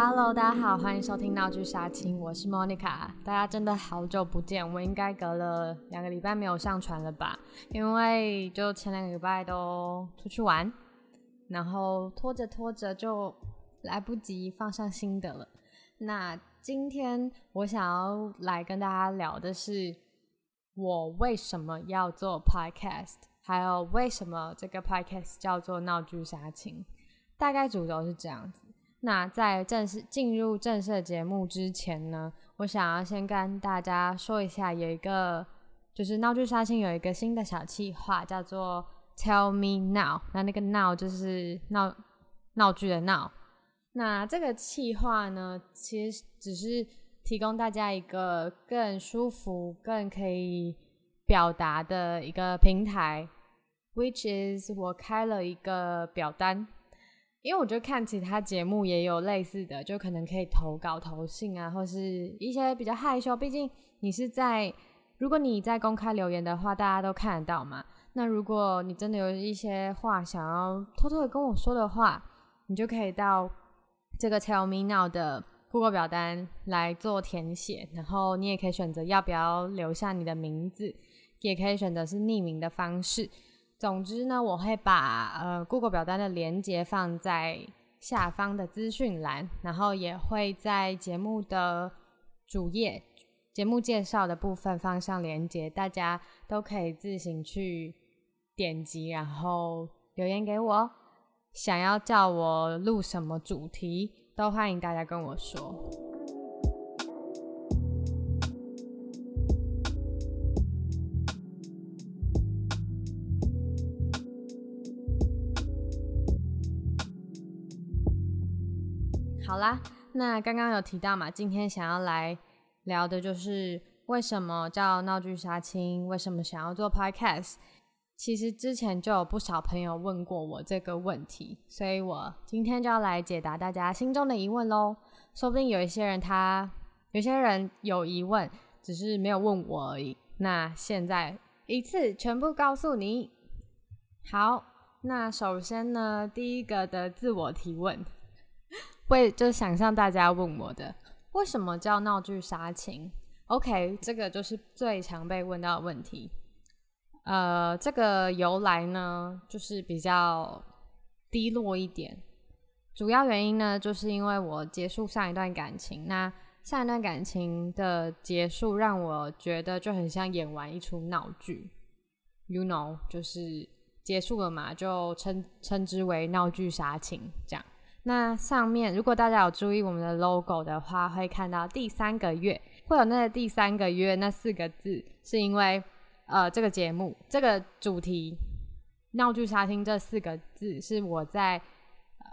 Hello，大家好，歡迎收聽《鬧劇殺青》，我是 Monica。大家真的好久不見，我應該隔了兩個禮拜沒有上傳了吧？因為就前兩個禮拜都出去玩，然後拖着拖着就來不及放上新的了。那今天我想要來跟大家聊的是，我為什麼要做 Podcast，還有為什麼這個 Podcast 叫做《鬧劇殺青》。大概主軸是這樣子。那在正式進入正式節目之前呢，我想要先跟大家說一下，有一個就是鬧劇殺青，有一個新的小企劃，叫做 Tell Me Now。那那個 now 就是鬧鬧劇的鬧。那這個企劃呢，其實只是提供大家一個更舒服、更可以表達的一個平台，which is 我開了一個表單。因為我覺得看其他節目也有類似的，就可能可以投稿、投信啊，或是一些比較害羞。畢竟你是在，如果你在公開留言的話，大家都看得到嘛。那如果你真的有一些話想要偷偷的跟我說的話，你就可以到這個 Tell Me Now 的 Google 表單來做填寫。然後你也可以選擇要不要留下你的名字，也可以選擇是匿名的方式。總之呢，我會把呃 Google 表單的鏈接放在下方的資訊欄，然後也會在節目的主頁、節目介紹的部分放上鏈接，大家都可以自行去點擊，然後留言給我。想要叫我錄什麼主題，都歡迎大家跟我說。好啦，那剛剛有提到嘛，今天想要來聊的就是為什麼叫鬧劇殺青，為什麼想要做 podcast。其實之前就有不少朋友問過我這個問題，所以我今天就要來解答大家心中的疑問咯。說不定有一些人他，有些人有疑問，只是沒有問我而已。那現在一次全部告訴你。好，那首先呢，第一個的自我提問。會就是想象大家問我的，為什麼叫鬧劇殺青？OK，這個就是最常被問到的問題。呃，這個由來呢，就是比較低落一點。主要原因呢，就是因為我結束上一段感情，那上一段感情的結束讓我覺得就很像演完一出鬧劇，You know，就是結束了嘛，就稱稱之為鬧劇殺青，這樣。那上面，如果大家有注意我們的 logo 的話，會看到第三個月會有那個第三個月那四個字，是因為，呃，這個節目這個主題“鬧劇殺青”這四個字是我在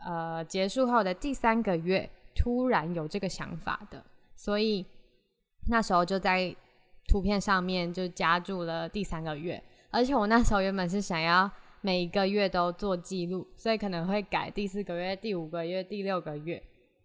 呃結束後的第三個月突然有這個想法的，所以那時候就在圖片上面就加注了第三個月，而且我那時候原本是想要。每一個月都做記錄，所以可能會改第四個月、第五個月、第六個月。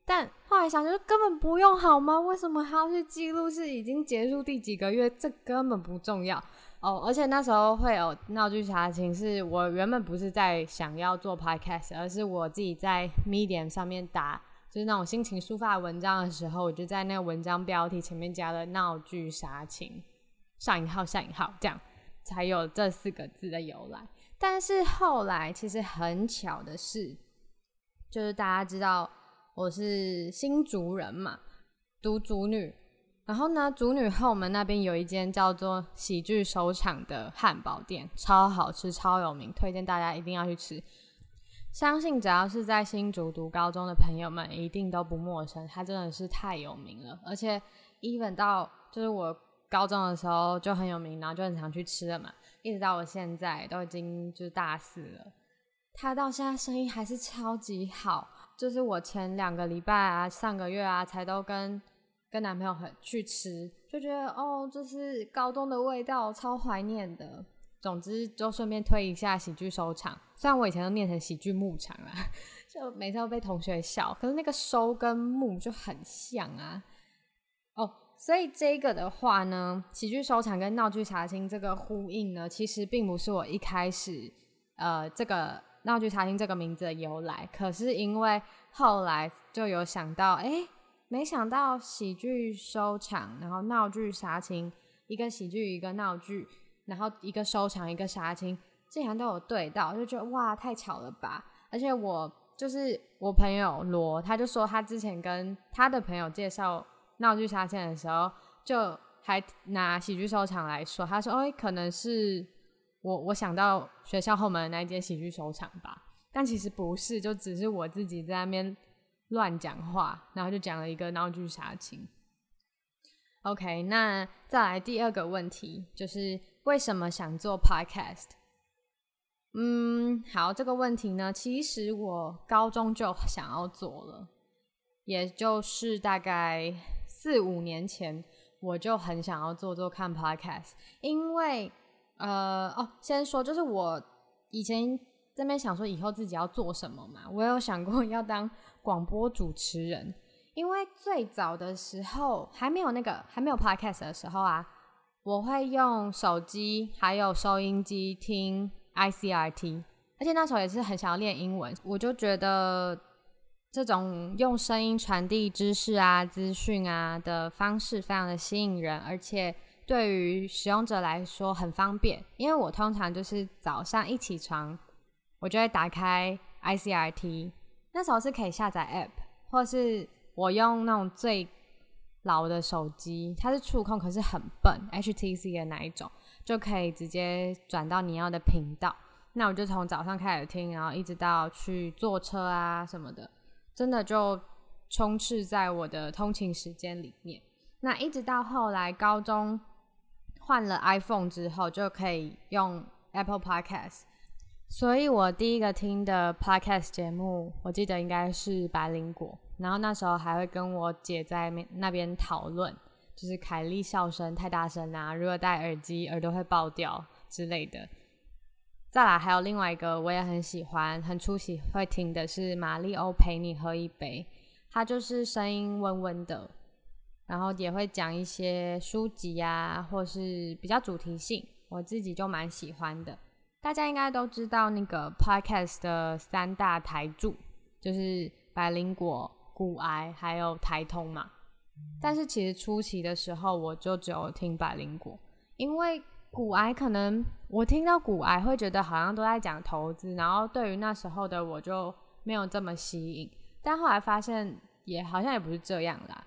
但後來想，就是根本不用好嗎？為什麼還要去記錄是已經結束第幾個月？這根本不重要哦。Oh, 而且那時候會有鬧劇殺青，是我原本不是在想要做 podcast，而是我自己在 Medium 上面打，就是那種心情抒發文章的時候，我就在那個文章標題前面加了“鬧劇殺青”上引號下引號這樣，才有這四個字的由來。但是後來其實很巧的是，就是大家知道我是新竹人嘛，讀竹女，然後呢，竹女後門那邊有一間叫做喜劇收場的漢堡店，超好吃，超有名，推薦大家一定要去吃。相信只要是在新竹讀高中的朋友們一定都不陌生，它真的是太有名了，而且 even 到就是我高中的時候就很有名，然後就很常去吃的嘛。一直到我現在都已經就是大四了，他到現在生意還是超級好。就是我前兩個禮拜啊，上個月啊，才都跟跟男朋友去吃，就覺得哦，這是高中的味道，超懷念的。總之，就順便推一下喜劇收場。雖然我以前都念成喜劇牧場啦，啊，就每次都被同學笑，可是那個收跟牧就很像啊。所以這個的話呢，喜劇收場跟鬧劇殺青這個呼應呢，其實並不是我一開始呃這個鬧劇殺青這個名字的由來，可是因為後來就有想到，哎、欸，沒想到喜劇收場，然後鬧劇殺青，一個喜劇一個鬧劇，然後一個收場一個殺青，竟然都有對到，就覺得哇，太巧了吧！而且我就是我朋友羅，他就說他之前跟他的朋友介紹。鬧劇殺青的時候，就還拿喜劇收場來說，他說：“哦欸、可能是我我想到學校後門那一間喜劇收場吧。”但其實不是，就只是我自己在那邊亂講話，然後就講了一個鬧劇殺青。OK，那再來第二個問題，就是為什麼想做 Podcast？嗯，好，這個問題呢，其實我高中就想要做了，也就是大概。四五年前，我就很想要做做看 podcast，因為呃哦，先說就是我以前這邊想說以後自己要做什麼嘛，我有想過要當廣播主持人，因為最早的時候還沒有那個還沒有 podcast 的時候啊，我會用手機還有收音機聽 ICRT，而且那時候也是很想要練英文，我就覺得。這種用聲音傳遞知識啊、資訊啊的方式，非常的吸引人，而且對於使用者來說很方便。因為我通常就是早上一起床，我就會打開 ICRT，那時候是可以下載 app，或是我用那種最老的手機，它是觸控，可是很笨，HTC 的那一種，就可以直接轉到你要的頻道。那我就從早上開始聽，然後一直到去坐車啊什麼的。真的就充斥在我的通勤時間裡面。那一直到後來高中換了 iPhone 之後，就可以用 Apple Podcast。所以我第一個聽的 Podcast 節目，我記得應該是《百靈果》。然後那時候還會跟我姐在那邊討論，就是凱莉笑聲太大聲啊，如果戴耳機耳朵會爆掉之類的。再來還有另外一個我也很喜歡、很初期會聽的是《馬力歐陪你喝一杯》，他就是聲音溫溫的，然後也會講一些書籍啊，或是比較主題性，我自己就蠻喜歡的。大家應該都知道那個 Podcast 的三大台柱就是百靈果、股癌還有台通嘛，但是其實初期的時候我就只有聽百靈果，因為，股癌，可能我聽到股癌會覺得好像都在講投資，然後對於那時候的我就沒有這麼吸引，但後來發現也好像也不是這樣啦。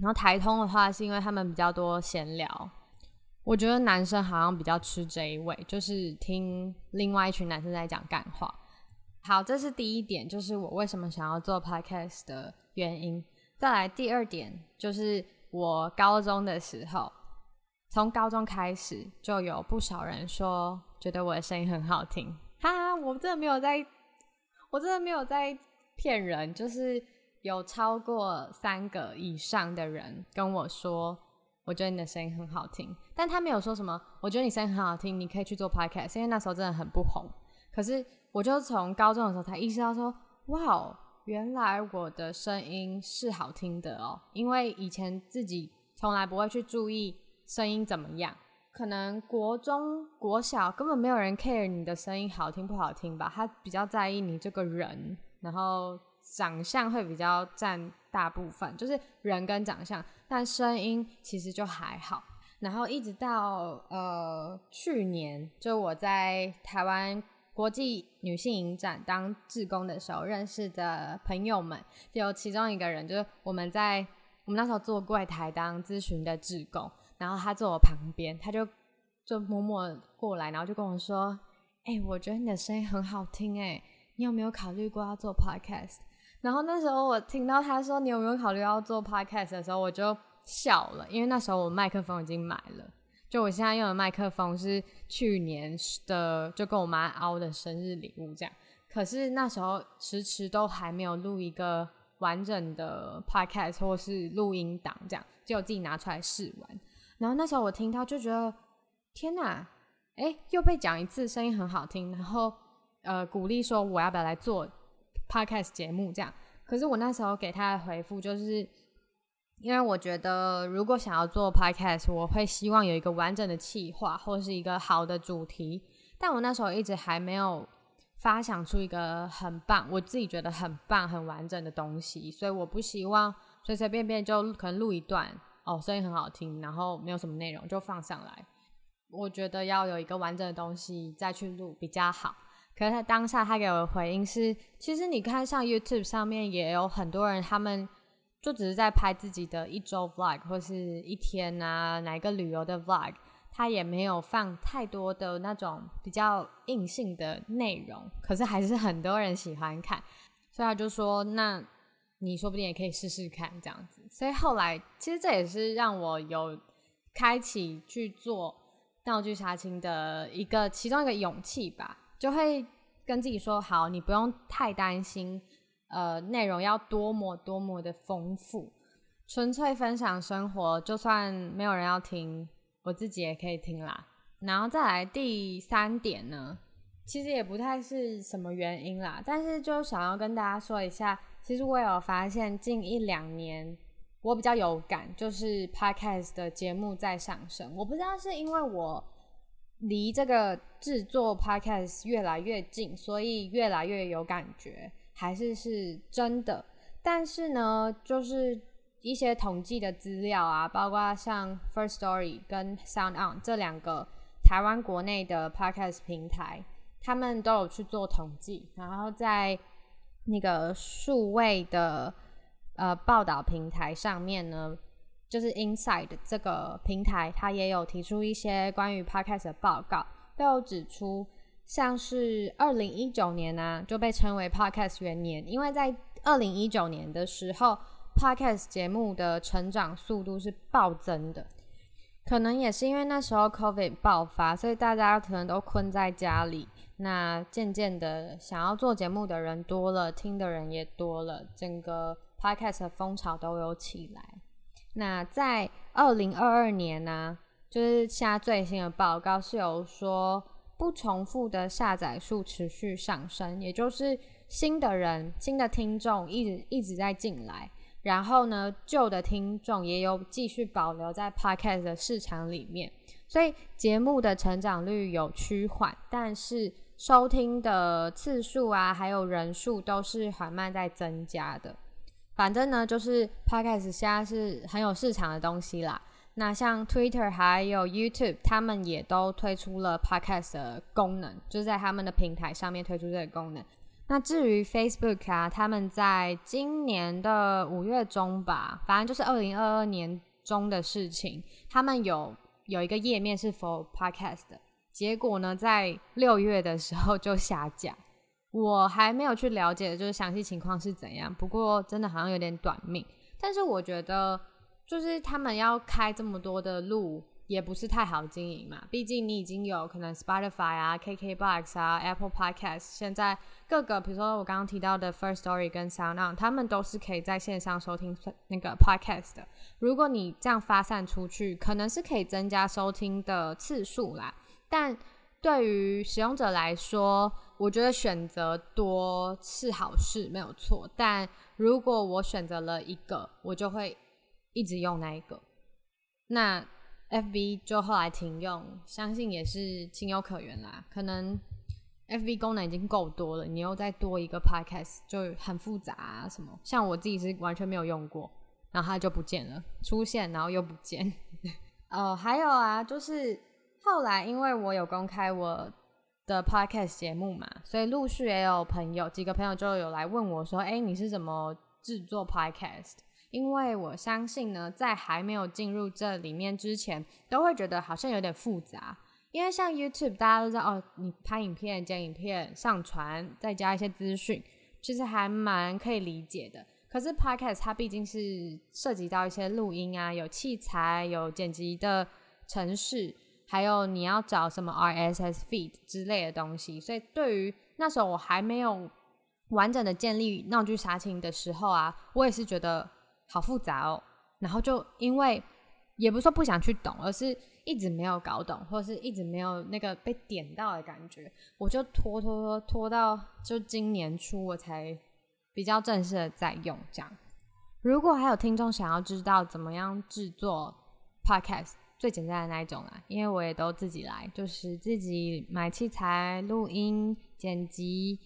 然後台通的話是因為他們比較多閒聊，我覺得男生好像比較吃這一味，就是聽另外一群男生在講幹話。好，這是第一點，就是我為什麼想要做 podcast 的原因。再來第二點，就是我高中的時候。從高中開始就有不少人說覺得我的聲音很好聽，哈，我真的沒有在，我真的沒有在騙人，就是有超過三個以上的人跟我說，我覺得你的聲音很好聽，但他沒有說什麼，我覺得你聲音很好聽，你可以去做 Podcast，因為那時候真的很不紅。可是我就從高中的時候才意識到說，哇，原來我的聲音是好聽的哦，因為以前自己從來不會去注意。聲音怎麼樣？可能國中、國小根本沒有人 care 你的聲音好聽不好聽吧？他比較在意你這個人，然後長相會比較佔大部分，就是人跟長相，但聲音其實就還好。然後一直到呃去年，就我在台灣國際女性影展當志工的時候認識的朋友們，就有其中一個人就是我們在我們那時候做櫃檯當諮詢的志工。然後他坐我旁邊，他就就默默過來，然後就跟我說：“哎、欸，我覺得你的聲音很好聽、欸，哎，你有沒有考慮過要做 podcast？” 然後那時候我聽到他說“你有沒有考慮要做 podcast” 的時候，我就笑了，因為那時候我的麥克風已經買了，就我現在用的麥克風是去年的，就跟我媽凹的生日禮物這樣。可是那時候遲遲都還沒有錄一個完整的 podcast 或是錄音檔，這樣就我自己拿出來試玩。然後那時候我聽到就覺得天哪，哎，又被講一次，聲音很好聽。然後呃，鼓勵說我要不要來做 Podcast 節目這樣。可是我那時候給他的回復就是，因為我覺得如果想要做 Podcast，我會希望有一個完整的企劃或是一個好的主題。但我那時候一直還沒有發想出一個很棒，我自己覺得很棒很完整的東西，所以我不希望隨隨便便就可能錄一段。哦，聲音很好聽，然後沒有什麼內容就放上來。我覺得要有一個完整的東西再去錄比較好。可是他當下他給我的回應是：其實你看，像 YouTube 上面也有很多人，他們就只是在拍自己的一週 Vlog 或是一天啊，哪一個旅遊的 Vlog，他也沒有放太多的那種比較硬性的內容，可是還是很多人喜歡看。所以他就說：那，你說不定也可以試試看這樣子，所以後來其實這也是讓我有開啟去做鬧劇殺青的一個其中一個勇氣吧，就會跟自己說：好，你不用太擔心，呃，內容要多麼多麼的豐富，純粹分享生活，就算沒有人要聽，我自己也可以聽啦。然後再來第三點呢，其實也不太是什麼原因啦，但是就想要跟大家說一下。其實我有發現，近一兩年我比較有感，就是 podcast 的節目在上升。我不知道是因為我離這個製作 podcast 越來越近，所以越來越有感覺，還是是真的。但是呢，就是一些統計的資料啊，包括像 First Story 跟 Sound On 這兩個台灣國內的 podcast 平台，他們都有去做統計，然後在那個數位的呃報道平台上面呢，就是 Inside 這個平台，它也有提出一些關於 Podcast 的報告，都有指出，像是二零一九年呢、啊，就被稱為 Podcast 元年，因為在二零一九年的時候，Podcast 節目的成長速度是暴增的，可能也是因為那時候 COVID 爆發，所以大家可能都困在家裡。那漸漸的，想要做節目的人多了，聽的人也多了，整個 podcast 的風潮都有起來。那在二零二二年呢、啊，就是下最新的報告是有說，不重複的下載數持續上升，也就是新的人、新的聽眾一直一直在進來，然後呢，舊的聽眾也有繼續保留在 podcast 的市場裡面，所以節目的成長率有趨緩，但是，收聽的次數啊，還有人數都是緩慢在增加的。反正呢，就是 podcast 現在是很有市場的東西啦。那像 Twitter 還有 YouTube，他們也都推出了 podcast 的功能，就是在他們的平台上面推出這個功能。那至於 Facebook 啊，他們在今年的五月中吧，反正就是二零二二年中的事情，他們有有一個頁面是 for podcast 的。結果呢，在六月的時候就下架。我還沒有去了解，就是詳細情況是怎樣，不過真的好像有點短命，但是我覺得，就是他們要開這麼多的路，也不是太好經營嘛。畢竟你已經有可能 Spotify 啊、KK Box 啊、Apple Podcast，現在各個，比如說我剛剛提到的 First Story 跟 Sound On，他們都是可以在線上收聽那個 Podcast 的。如果你這樣發散出去，可能是可以增加收聽的次數啦。但對於使用者來說，我覺得選擇多是好事，沒有錯。但如果我選擇了一個，我就會一直用那一個。那 F B 就後來停用，相信也是情有可原啦。可能 F B 功能已經夠多了，你又再多一個 Podcast 就很複雜啊什麼。像我自己是完全沒有用過，然後它就不見了，出現然後又不見。哦、 呃，還有啊，就是。後來，因為我有公開我的 podcast 節目嘛，所以陸續也有朋友幾個朋友就有來問我說：“哎，你是怎麼製作 podcast？” 因為我相信呢，在還沒有進入這裡面之前，都會覺得好像有點複雜。因為像 YouTube，大家都知道哦，你拍影片、剪影片、上傳，再加一些資訊，其實還蠻可以理解的。可是 podcast 它畢竟是涉及到一些錄音啊，有器材、有剪輯的程式。還有你要找什麼 RSS feed 之類的東西，所以對於那時候我還沒有完整的建立鬧劇殺青的時候啊，我也是覺得好複雜哦。然後就因為也不是說不想去懂，而是一直沒有搞懂，或者是一直沒有那個被點到的感覺，我就拖拖拖拖到就今年初我才比較正式的在用這樣。如果還有聽眾想要知道怎麼樣制作 Podcast，最簡單的那一種啊，因為我也都自己來，就是自己買器材，錄音、剪輯、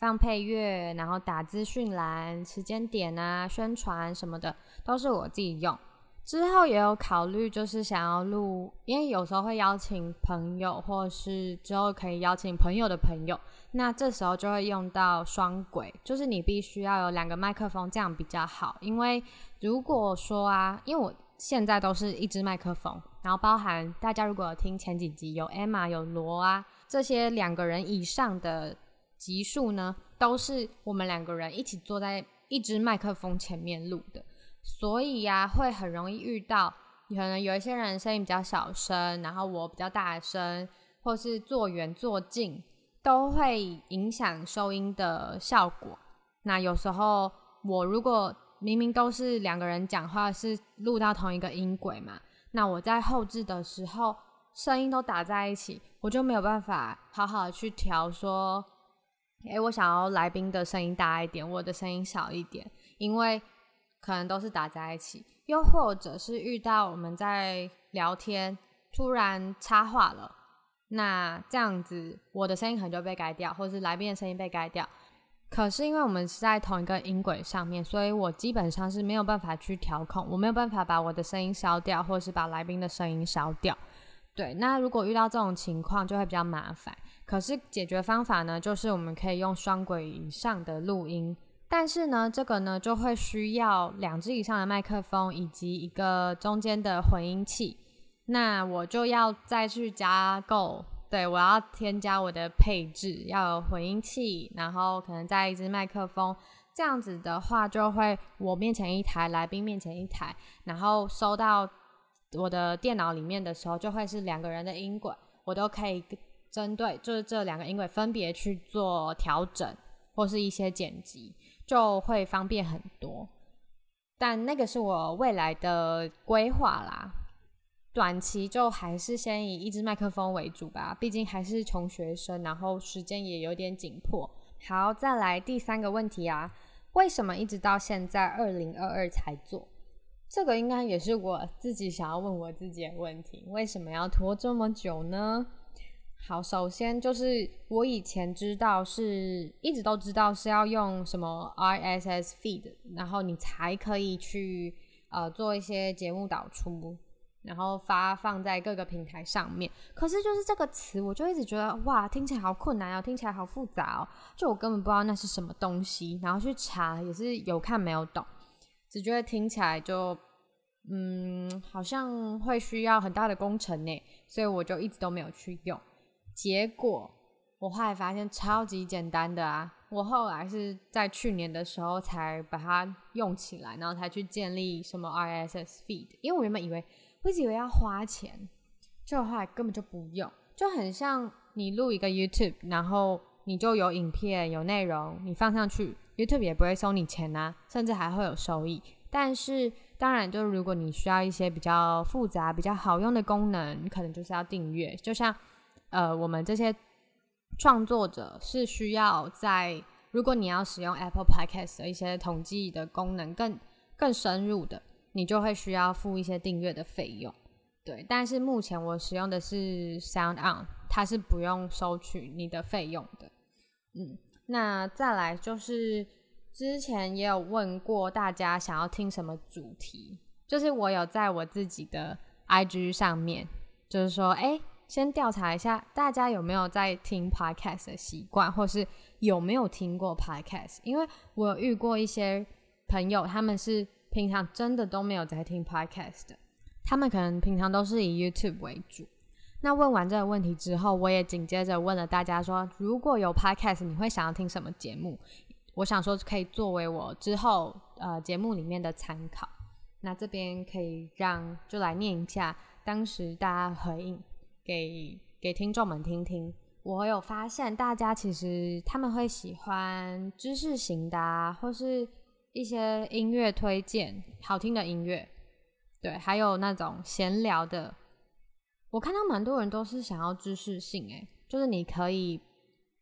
放配樂，然後打資訊欄、時間點啊、宣傳什麼的都是我自己用。之後也有考慮，就是想要錄，因為有時候會邀請朋友，或是之後可以邀請朋友的朋友，那這時候就會用到雙軌，就是你必須要有兩個麥克風，這樣比較好。因為如果說啊，因為我現在都是一支麥克風。然後包含大家如果有聽前幾集有 Emma 有羅啊這些兩個人以上的集數呢，都是我們兩個人一起坐在一支麥克風前面錄的，所以呀、啊、會很容易遇到可能有一些人聲音比較小聲，然後我比較大聲，或是坐遠坐近都會影響收音的效果。那有時候我如果明明都是兩個人講話是錄到同一個音軌嘛。那我在後製的時候，聲音都打在一起，我就沒有辦法好好的去調，說，誒，我想要來賓的聲音大一點，我的聲音小一點，因為可能都是打在一起。又或者是遇到我們在聊天，突然插話了，那這樣子我的聲音可能就被改掉，或者是來賓的聲音被改掉。可是因為我們是在同一個音軌上面，所以我基本上是沒有辦法去調控，我沒有辦法把我的聲音消掉，或是把來賓的聲音消掉。對，那如果遇到這種情況，就會比較麻煩。可是解決方法呢，就是我們可以用雙軌以上的錄音，但是呢，這個呢就會需要兩隻以上的麥克風以及一個中間的混音器。那我就要再去加購。對，我要添加我的配置，要有混音器，然後可能再一支麥克風，這樣子的話就會我面前一台，來賓面前一台，然後收到我的電腦裡面的時候，就會是兩個人的音軌，我都可以針對就是這兩個音軌分別去做調整或是一些剪輯，就會方便很多。但那個是我未來的規劃啦。短期就還是先以一支麥克風為主吧，畢竟還是窮學生，然後時間也有點緊迫。好，再來第三個問題啊，為什麼一直到現在二零二二才做？這個應該也是我自己想要問我自己的問題，為什麼要拖這麼久呢？好，首先就是我以前知道是一直都知道是要用什麼 RSS feed，然後你才可以去呃做一些節目導出。然後發放在各個平台上面，可是就是這個詞，我就一直覺得哇，聽起來好困難哦，聽起來好複雜哦，就我根本不知道那是什麼東西。然後去查也是有看沒有懂，只覺得聽起來就嗯，好像會需要很大的工程呢，所以我就一直都沒有去用。結果我後來發現超級簡單的啊！我後來是在去年的時候才把它用起來，然後才去建立什麼 RSS feed，因為我原本以為。不只以為要花錢，這話根本就不用，就很像你錄一個 YouTube，然後你就有影片有內容，你放上去 YouTube 也不會收你錢啊，甚至還會有收益。但是當然，就如果你需要一些比較複雜、比較好用的功能，可能就是要訂閱。就像呃，我們這些創作者是需要在如果你要使用 Apple Podcast 的一些統計的功能，更更深入的。你就會需要付一些訂閱的費用，對。但是目前我使用的是 SoundOn，它是不用收取你的費用的。嗯，那再來就是之前也有問過大家想要聽什麼主題，就是我有在我自己的 IG 上面，就是說，哎、欸，先調查一下大家有沒有在聽 Podcast 的習慣，或是有沒有聽過 Podcast，因為我有遇過一些朋友，他們是。平常真的都沒有在聽 Podcast 的，他們可能平常都是以 YouTube 為主。那問完這個問題之後，我也緊接着問了大家說，如果有 Podcast，你會想要聽什麼節目？我想說可以作為我之後呃節目裡面的參考。那這邊可以讓就來念一下當時大家回應給給聽眾們聽聽。我有發現大家其實他們會喜歡知識型的啊，或是。一些音樂推薦，好聽的音樂，對，還有那種閒聊的。我看到蠻多人都是想要知識性、欸，誒，就是你可以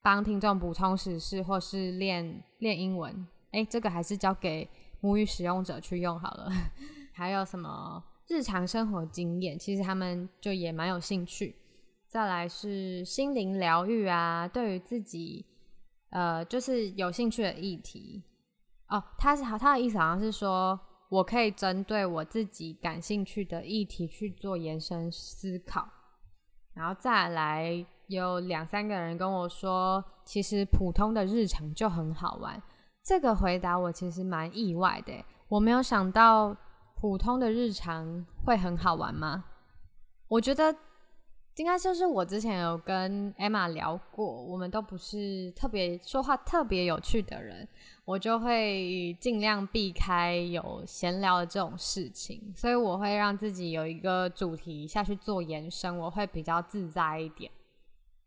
幫聽眾補充時事，或是練練英文。誒、欸，這個還是交給母語使用者去用好了。還有什麼日常生活經驗，其實他們就也蠻有興趣。再來是心靈療癒啊，對於自己呃，就是有興趣的議題。哦，他是好，他的意思好像是說，我可以針對我自己感興趣的議題去做延伸思考，然後再來有兩三個人跟我說，其實普通的日常就很好玩。這個回答我其實蠻意外的，我沒有想到普通的日常會很好玩嗎？我覺得。應該就是我之前有跟 Emma 聊過，我們都不是特別說話特別有趣的人，我就會盡量避開有閒聊的這種事情，所以我會讓自己有一個主題下去做延伸，我會比較自在一點。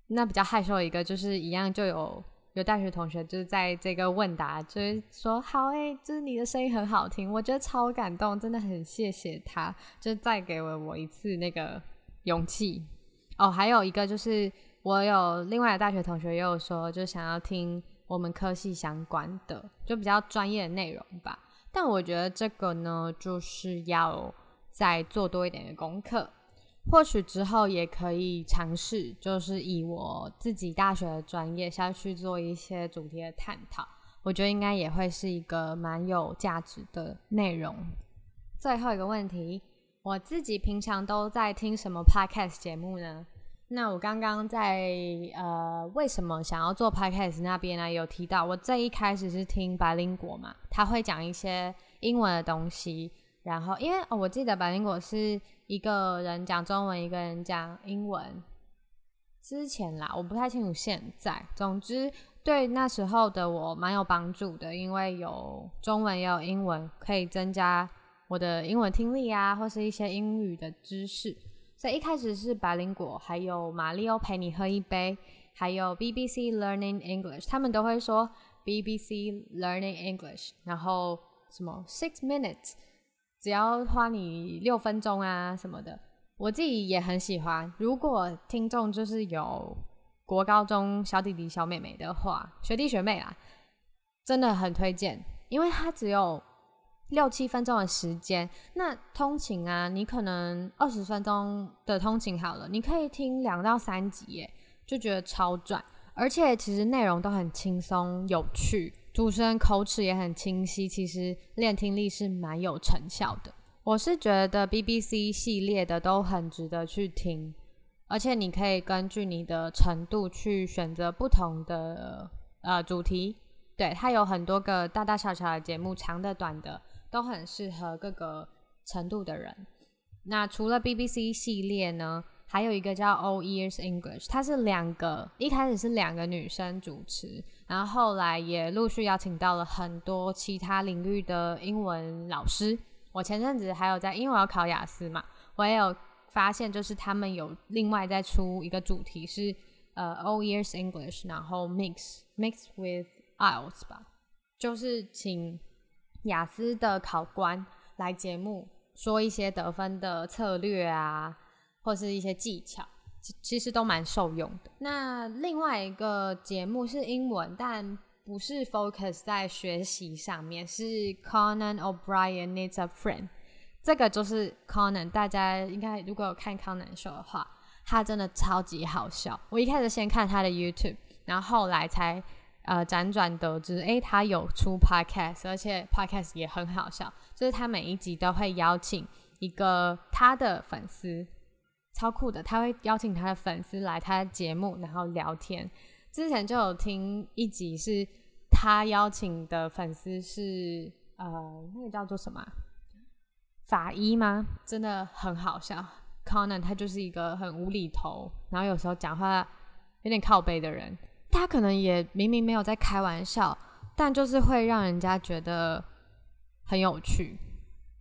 那比較害羞的一個就是一樣，就有有大學同學就是在這個問答就，就是說好哎、欸，就是你的聲音很好聽，我覺得超感動，真的很謝謝他，就是再給了我一次那個勇氣。哦，還有一個就是我有另外的大學同學也有說，就想要聽我們科系相關的，就比較專業的內容吧。但我覺得這個呢，就是要再做多一點的功課，或許之後也可以嘗試，就是以我自己大學的專業下去做一些主題的探討。我覺得應該也會是一個蠻有價值的內容。最後一個問題。我自己平常都在聽什麼 podcast 節目呢？那我剛剛在呃，為什麼想要做 podcast 那邊呢、啊，有提到我最一開始是聽百靈果嘛，他會講一些英文的東西。然後因為哦，我記得百靈果是一個人講中文，一個人講英文。之前啦，我不太清楚現在。總之，對那時候的我蠻有幫助的，因為有中文也有英文，可以增加。我的英文聽力啊，或是一些英語的知識，所以一開始是百靈果，還有馬里奧陪你喝一杯，還有 BBC Learning English，他們都會說 BBC Learning English。然後什麼 Six Minutes，只要花你六分鐘啊什麼的，我自己也很喜歡。如果聽眾就是有國高中小弟弟小妹妹的話，學弟學妹啊，真的很推薦，因為他只有。六七分鐘的時間，那通勤啊，你可能二十分鐘的通勤好了，你可以聽兩到三集，耶，就覺得超賺，而且其實內容都很輕鬆有趣，主持人口齒也很清晰，其實練聽力是蠻有成效的。我是覺得 BBC 系列的都很值得去聽，而且你可以根據你的程度去選擇不同的呃主題，對，它有很多個大大小小的節目，長的短的。都很適合各個程度的人。那除了 BBC 系列呢，還有一個叫 All Ears English，它是兩個，一開始是兩個女生主持，然後後來也陸續邀請到了很多其他領域的英文老師。我前陣子還有在，因為我要考雅思嘛，我也有發現，就是他們有另外再出一個主題是呃 uh, All Ears English，然後 mix mix with IELTS 吧，就是請。雅思的考官來節目說一些得分的策略啊，或是一些技巧，其實都蠻受用的。那另外一個節目是英文，但不是 focus 在學習上面，是 Conan O'Brien Needs a Friend。這個就是 Conan，大家應該如果有看 Conan 秀的話，他真的超級好笑。我一開始先看他的 YouTube，然後後來才。呃，輾轉得知，哎、就是欸，他有出 podcast，而且 podcast 也很好笑。就是他每一集都會邀請一個他的粉絲，超酷的，他會邀請他的粉絲來他的節目，然後聊天。之前就有聽一集是他邀請的粉絲是呃，那個叫做什麼、啊、法醫嗎？真的很好笑。Conan 他就是一個很無厘頭，然後有時候講話有點靠背的人。他可能也明明沒有在開玩笑，但就是會讓人家覺得很有趣。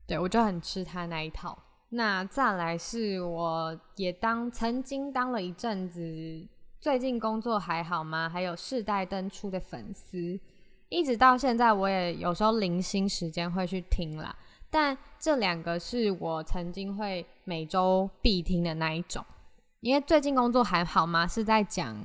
對，我就很吃他那一套。那再來是，我也當曾經當了一陣子。最近工作還好嗎？還有世代登出的粉絲，一直到現在我也有時候零星時間會去聽啦。但這兩個是我曾經會每週必聽的那一種，因為最近工作還好嗎？是在講。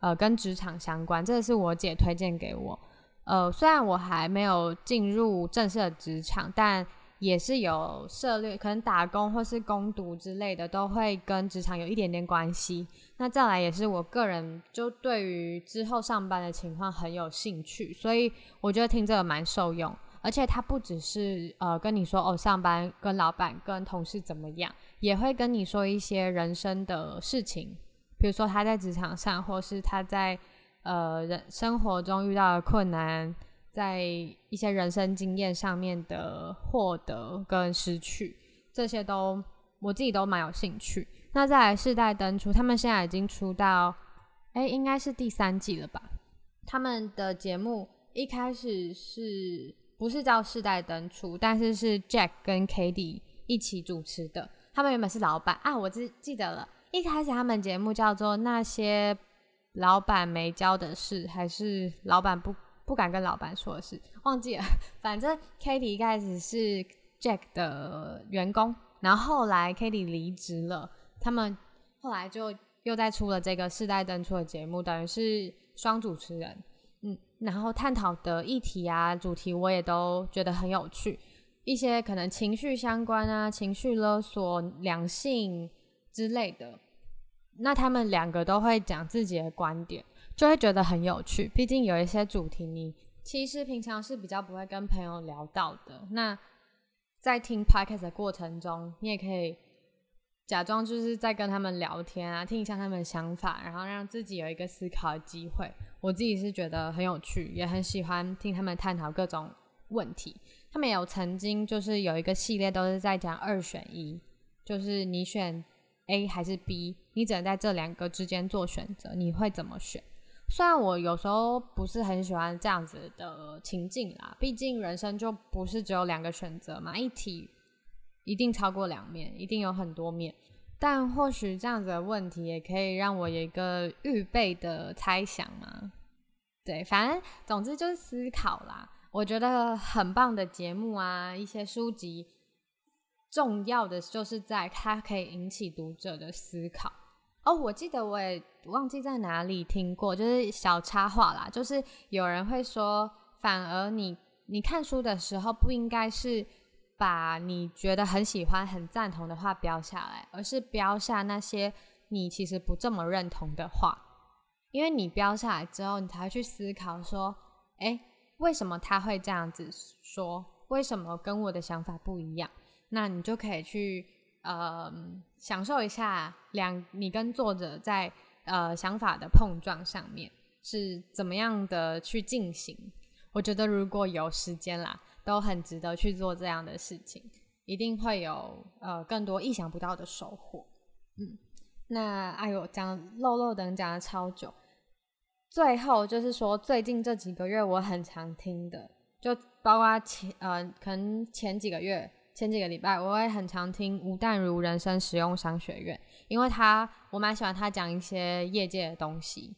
呃，跟職場相關，這個是我姐推薦給我。呃，雖然我還沒有進入正式的職場，但也是有涉獵，可能打工或是工讀之類的，都會跟職場有一點點關係。那再來也是我個人就對於之後上班的情況很有興趣，所以我覺得聽這個蠻受用。而且他不只是呃跟你說，哦，上班跟老闆跟同事怎麼樣，也會跟你說一些人生的事情。比如說他在職場上，或是他在呃人生活中遇到的困難，在一些人生經驗上面的獲得跟失去，這些都我自己都蠻有興趣。那再來《世代登出》，他們現在已經出到哎，應該是第三季了吧？他們的節目一開始是不是叫《世代登出》，但是是 Jack 跟 KD 一起主持的，他們原本是老板啊，我記記得了。一開始他們節目叫做《那些老板沒教的事》，還是老板不不敢跟老板說的事，忘記了。反正 Katie 一開始是 Jack 的員工，然後後來 Katie 離職了，他們後來就又再出了這個世代登出的節目，等於是雙主持人，嗯，然後探討的議題啊、主題，我也都覺得很有趣，一些可能情緒相關啊，情緒勒索，兩性。之類的，那他們兩個都會講自己的觀點，就會覺得很有趣。畢竟有一些主題，你其實平常是比較不會跟朋友聊到的。那在聽 Podcast 的過程中，你也可以假裝就是在跟他們聊天啊，聽一下他們的想法，然後讓自己有一個思考的機會。我自己是覺得很有趣，也很喜歡聽他們探討各種問題。他們有曾經就是有一個系列，都是在講二選一，就是你選。A 還是 B，你只能在這兩個之間做選擇，你會怎麼選？雖然我有時候不是很喜歡這樣子的情境啦，畢竟人生就不是只有兩個選擇嘛，一題一定超過兩面，一定有很多面。但或許這樣子的問題也可以讓我有一個預備的猜想嘛、啊。對，反正總之就是思考啦。我覺得很棒的節目啊，一些書籍。重要的就是在它可以引起讀者的思考哦。Oh, 我記得我也忘記在哪裡聽過，就是小插話。啦就是有人會說，反而你你看書的時候，不應該是把你覺得很喜歡、很贊同的話標下來，而是標下那些你其實不這麼認同的話，因為你標下來之後，你才會去思考說，哎、欸，為什麼他會這樣子說？為什麼跟我的想法不一樣？那你就可以去呃享受一下兩你跟作者在呃想法的碰撞上面是怎麼樣的去進行？我覺得如果有時間啦，都很值得去做這樣的事情，一定會有呃更多意想不到的收穫。嗯，那哎呦，講漏漏等講了超久，最後就是說最近這幾個月我很常聽的，就包括前呃可能前幾個月。前幾個禮拜，我也很常聽吳淡如人生實用商學院，因為他我蠻喜歡他講一些業界的東西，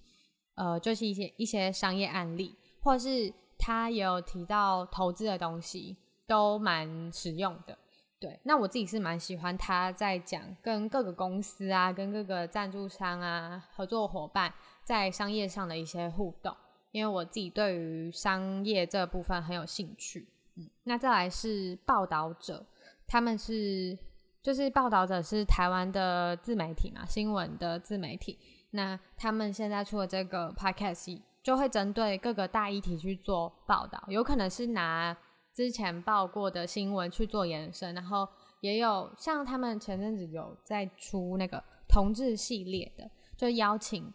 呃，就是一些一些商業案例，或是他也有提到投資的東西，都蠻實用的。對，那我自己是蠻喜歡他在講跟各個公司啊、跟各個贊助商啊、合作夥伴在商業上的一些互動，因為我自己對於商業這部分很有興趣。嗯，那再來是報導者。他們是就是報道者是台灣的自媒體嘛，新聞的自媒體。那他們現在出的這個 podcast 就會針對各個大議題去做報道，有可能是拿之前報過的新聞去做延伸，然後也有像他們前陣子有在出那個同志系列的，就邀請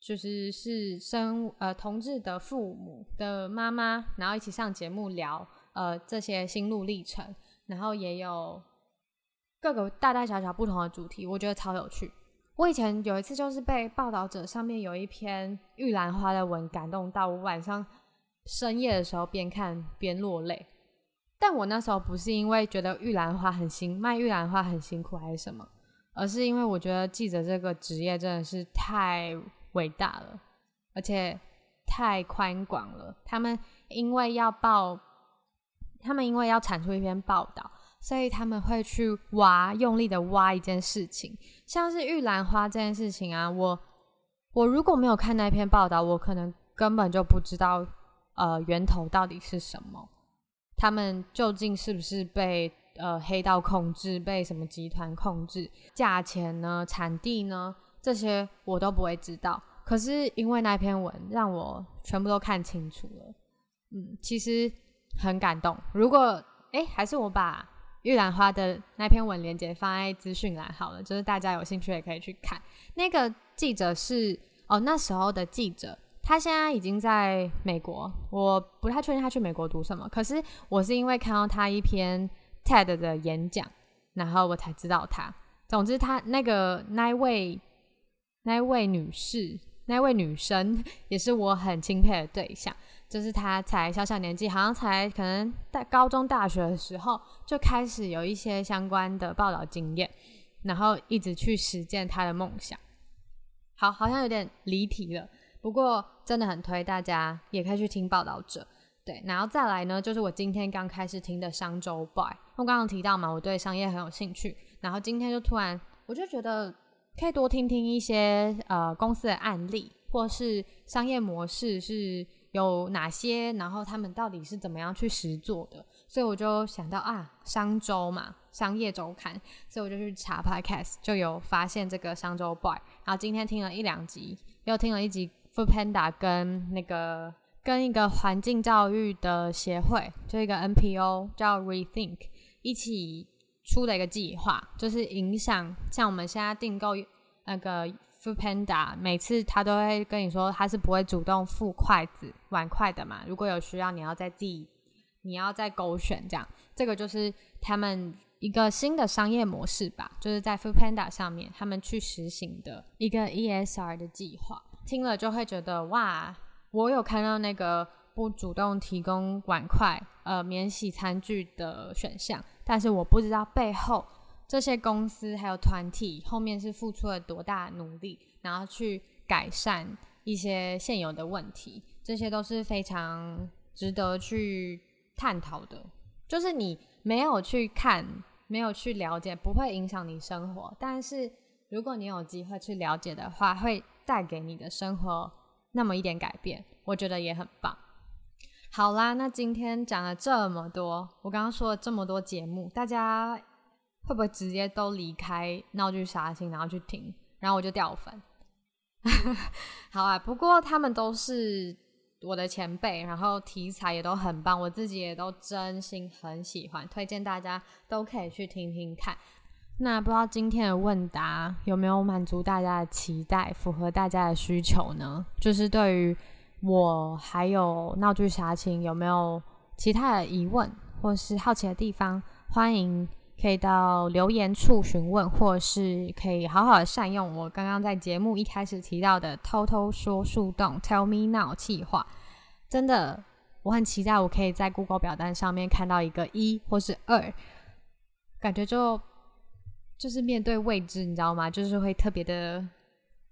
就是是生，呃，同志的父母的媽媽，然後一起上節目聊，呃，這些心路歷程。然後也有各個大大小小不同的主題，我覺得超有趣。我以前有一次就是被《報導者》上面有一篇玉蘭花的文感動到，我晚上深夜的時候邊看邊落淚。但我那時候不是因為覺得玉蘭花很辛賣玉蘭花很辛苦還是什麼，而是因為我覺得記者這個職業真的是太偉大了，而且太寬廣了。他們因為要報。他們因為要產出一篇報道，所以他們會去挖，用力的挖一件事情，像是玉蘭花這件事情啊。我我如果沒有看那篇報道，我可能根本就不知道，呃，源頭到底是什麼，他們究竟是不是被呃黑道控制，被什麼集團控制，價錢呢，產地呢，這些我都不會知道。可是因為那篇文，讓我全部都看清楚了。嗯，其實。很感動。如果哎、欸，還是我把玉蘭花的那篇文鏈接放在資訊欄好了，就是大家有興趣也可以去看。那個記者是哦，那時候的記者，他現在已經在美國，我不太確定他去美國讀什麼。可是我是因為看到他一篇 TED 的演講，然後我才知道他。總之他，他那個那位那位女士，那位女生，也是我很欽佩的對象。就是他才小小年紀，好像才可能在高中、大學的時候就開始有一些相關的報道經驗，然後一直去實踐他的夢想。好，好像有點離題了，不過真的很推大家也可以去聽報道者，對。然後再來呢，就是我今天剛開始聽的商周 buy，我剛剛提到嘛，我對商業很有興趣，然後今天就突然我就覺得可以多聽聽一些呃公司的案例或是商業模式是。有哪些？然後他們到底是怎麼樣去實做的？所以我就想到啊，商周嘛，商業周刊，所以我就去查 Podcast，就有發現這個商周 Boy。然後今天聽了一兩集，又聽了一集 Food Panda 跟那個跟一個環境教育的協會，就一個 NPO 叫 Rethink 一起出的一個計劃，就是影響像我們現在訂購那個。Foodpanda 每次他都會跟你說，他是不會主動付筷子碗筷的嘛。如果有需要，你要再自己，你要再勾選這樣。這個就是他們一個新的商業模式吧，就是在 Foodpanda 上面他們去實行的一個 ESR 的計劃。聽了就會覺得哇，我有看到那個不主動提供碗筷、呃免洗餐具的選項，但是我不知道背後。這些公司還有團體後面是付出了多大努力，然後去改善一些現有的問題，這些都是非常值得去探討的。就是你沒有去看，沒有去了解，不會影響你生活。但是如果你有機會去了解的話，會帶給你的生活那麼一點改變，我覺得也很棒。好啦，那今天講了這麼多，我剛剛說了這麼多節目，大家。會不會直接都離開《鬧劇殺青》，然後去聽，然後我就掉粉？ 好啊，不過他們都是我的前輩，然後題材也都很棒，我自己也都真心很喜歡，推薦大家都可以去聽聽看。那不知道今天的問答有沒有滿足大家的期待，符合大家的需求呢？就是對於我還有《鬧劇殺青》有沒有其他的疑問或是好奇的地方，歡迎。可以到留言處詢問，或是可以好好的善用我剛剛在節目一開始提到的“偷偷說樹洞 ”，Tell me now 企劃，真的，我很期待我可以在 Google 表單上面看到一個一或是二，感覺就就是面對未知，你知道嗎？就是會特別的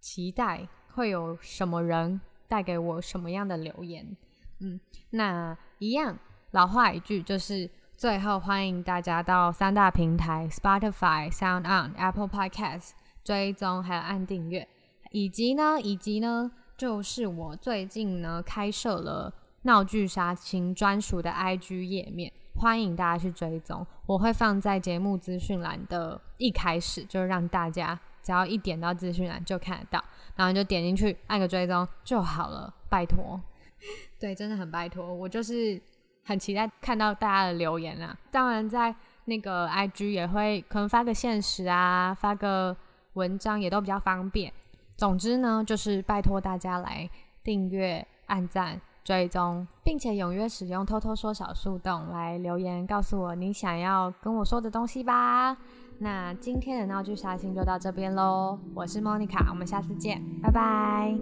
期待會有什麼人帶給我什麼樣的留言。嗯，那一樣老話一句就是。最後歡迎大家到三大平台 Spotify、SoundOn、Apple Podcast 追蹤還有按訂閱，以及呢，以及呢，就是我最近呢開設了鬧劇殺青專屬的 IG 頁面，歡迎大家去追蹤，我會放在節目資訊欄的一開始，就讓大家只要一點到資訊欄就看得到，然後你就點進去按個追蹤就好了，拜託， 對，真的很拜託，我就是。很期待看到大家的留言啊。當然在那個 IG 也會可能發個限時啊，發個文章也都比較方便。總之呢，就是拜托大家來訂閱、按讚、追蹤，並且踴躍使用“偷偷說小樹洞”來留言，告訴我你想要跟我說的東西吧。那今天的鬧劇殺青就到這邊嘍，我是 Monica，我們下次見，拜拜。